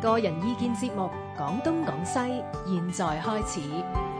個人意見節目，講東講西，現在開始。